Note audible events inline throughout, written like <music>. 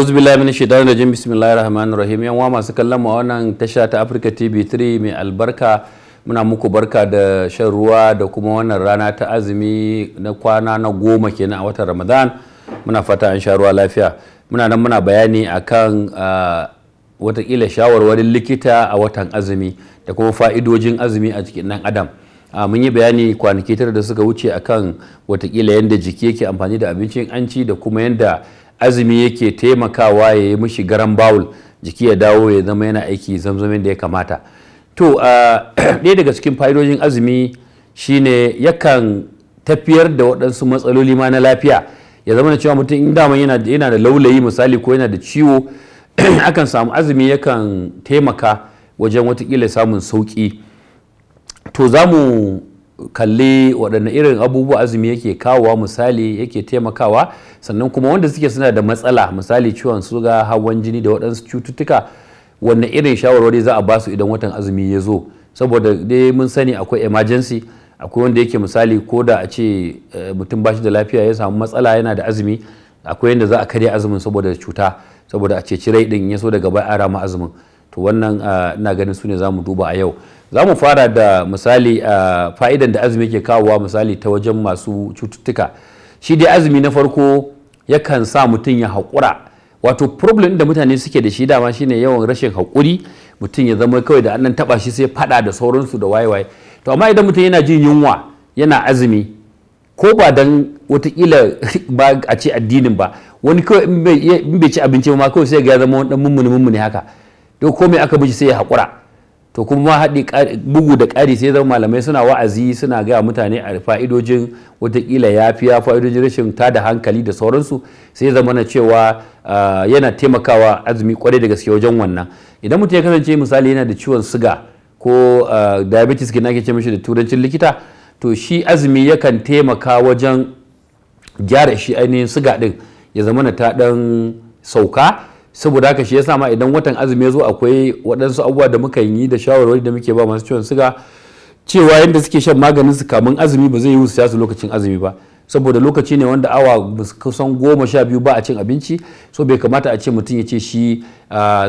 Uzu billahi min shaitanir rajim bismillahir rahmanir rahim yan masu kallon mu a wannan tasha ta Africa TV 3 mai albarka muna muku barka da shan ruwa da kuma wannan rana ta azumi na kwana na goma kenan a watan Ramadan muna fata an sha ruwa lafiya muna nan muna bayani akan watakila shawarwarin likita a watan azumi da kuma fa'idojin azumi a cikin nan adam a mun yi bayani kwanaki tara da suka wuce akan watakila yadda jiki yake amfani da abincin an da kuma yanda. azumi yake taimakawa ya yi mishi garan bawul jiki ya dawo ya zama yana aiki zamzamin da ya kamata to <clears throat> ɗaya daga cikin fa'idojin azumi shine yakan tafiyar da waɗansu matsaloli ma na lafiya ya zama cewa mutum in dama yana da laulayi misali ko yana da ciwo <clears throat> akan samu azumi yakan taimaka wajen watakila samun sauƙi to za mu kalli waɗanne irin abubuwa azumi yake kawowa misali yake taimakawa sannan kuma wanda suke suna da matsala misali ciwon suga hawan jini da waɗansu cututtuka wanne irin shawarwari za a basu idan watan azumi ya zo saboda dai mun sani akwai emergency akwai wanda yake misali ko da a ce eh, mutum bashi da lafiya ya samu matsala yana da azumi akwai yanda za a karya azumin saboda cuta saboda a ceci rai din ya so daga bai a rama azumin to wannan ah, ina ganin su ne za mu duba a yau za mu fara da misali ah, fa'idan da azumi ke kawowa misali ta wajen masu cututtuka shi dai azumi na farko yakan sa mutum ya haƙura wato problem da mutane suke da shi dama shine yawan rashin haƙuri mutum ya zama kawai da annan taɓa shi sai faɗa da sauransu da waye-waye to amma idan mutum yana jin yunwa yana azumi ko ba dan watakila <laughs> ba a ce addinin ba wani kawai in bai ci abinci ma kawai sai ga ya zama wani dan mummuni mummuni haka to ko me aka bi sai ya haƙura to kuma haɗi bugu da ƙari sai zama malamai suna wa'azi suna gaya mutane a fa'idojin watakila ya yafiya fa'idojin rashin tada hankali da sauransu sai zama na cewa yana taimakawa azumi kwarai da gaske wajen wannan idan mutum ya kasance misali yana da ciwon siga ko diabetes ke nake ce mishi da turancin likita to shi azumi yakan taimaka wajen gyara shi ainihin siga din ya zama na ta ɗan sauka saboda haka shi yasa ma idan watan azumi ya zo akwai waɗansu abubuwa da muka yi da shawarwari da muke ba masu ciwon siga cewa yadda suke shan maganin su kamun azumi ba zai yi su su lokacin azumi ba saboda lokaci ne wanda awa kusan goma sha biyu ba a cin abinci so bai kamata a ce mutum ya ce shi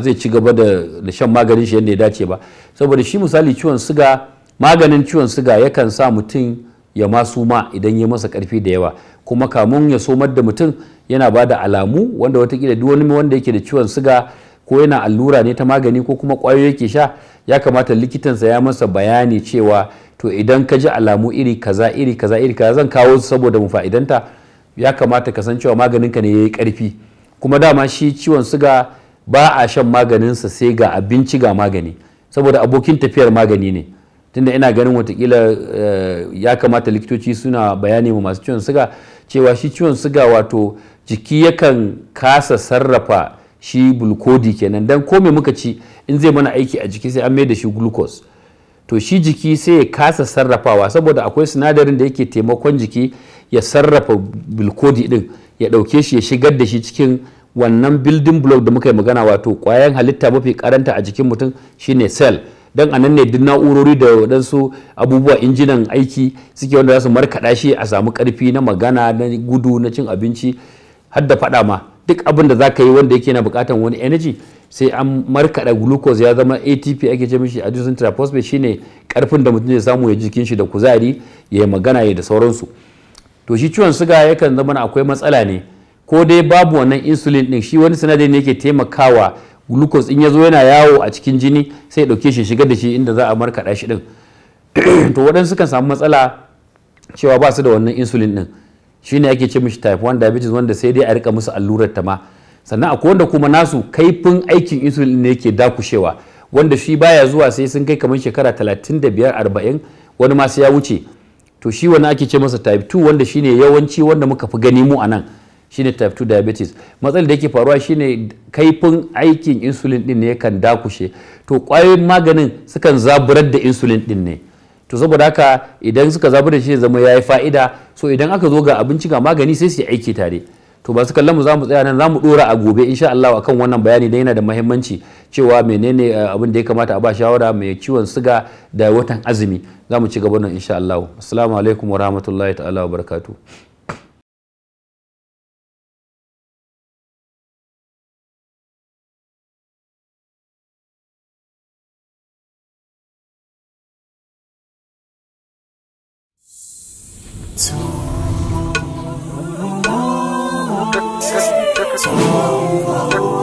zai ci gaba da shan maganin shi yadda ya dace ba saboda shi misali ciwon siga maganin ciwon suga yakan sa mutum ya masu ma idan ya masa karfi da yawa kuma kamun ya somar da mutum yana ba da alamu wanda watakila duk wani wanda yake da ciwon siga ko yana allura ne ta magani ko kuma ƙwayoyi yake sha ya kamata likitansa ya masa bayani cewa to idan ka ji alamu iri kaza iri kaza iri kaza zan kawo su saboda mu fa'idanta ya kamata ka san cewa maganinka ne yayi karfi kuma dama shi ciwon siga ba a shan maganinsa sai ga abinci ga magani saboda abokin tafiyar magani ne tunda ina ganin watakila eh, ya kamata likitoci suna bayani ma masu ciwon siga cewa shi ciwon suga wato jiki yakan kasa sarrafa shi bulkodi kenan dan ko me muka ci in zai mana aiki a jiki sai an mai da shi glucose to shi jiki sai ya kasa sarrafawa saboda akwai sinadarin da yake taimakon jiki ya sarrafa bilkodi din ya dauke shi ya shigar da shi cikin wannan building block da muka yi magana wato kwayan halitta mafi karanta a jikin mutum shine cell don a nan ne duk na'urori da waɗansu abubuwa injinan aiki suke wanda za su markaɗa shi a samu ƙarfi na magana na gudu na cin abinci har da faɗa ma duk abin da za ka yi wanda yake na buƙatar wani energy sai an markaɗa glucose ya zama atp ake ce mishi adenosine triphosphate shine ƙarfin da mutum zai samu ya jikin shi da kuzari ya yi magana ya da sauransu to shi ciwon suga yakan zama akwai matsala ne ko dai babu wannan insulin ɗin shi wani sinadari ne yake taimakawa glucose in ya zo yana yawo a cikin jini sai ya ɗauke shi shiga da shi inda za a markaɗa shi din to waɗansu kan samu matsala cewa ba su da wannan insulin ɗin shine ake ce mishi type 1 diabetes wanda sai dai a rika musu allurar ta ma sannan akwai wanda kuma nasu kaifin aikin insulin ne yake dakushewa wanda shi baya zuwa sai sun kai kamar shekara 35 40 wani ma sai ya wuce to shi wani ake ce masa type 2 wanda shine yawanci wanda muka fi gani mu a nan shine type 2 diabetes matsalar da yake faruwa shine kaifin aikin insulin din ne yakan dakushe to kwayoyin maganin sukan zaburar da insulin din ne to saboda haka idan suka zaburar da shi zama ya yi fa'ida so idan aka zo ga abinci ga magani sai su yi aiki tare to ba su kallon mu za mu tsaya nan za mu dora a gobe insha Allah akan wannan bayani da yana da muhimmanci cewa menene eh, abin da ya kamata a ba shawara mai ciwon siga da watan azumi za mu ci gaba nan insha Allah assalamu alaikum wa rahmatullahi ta'ala wa barakatuh Tomorrow. Tomorrow.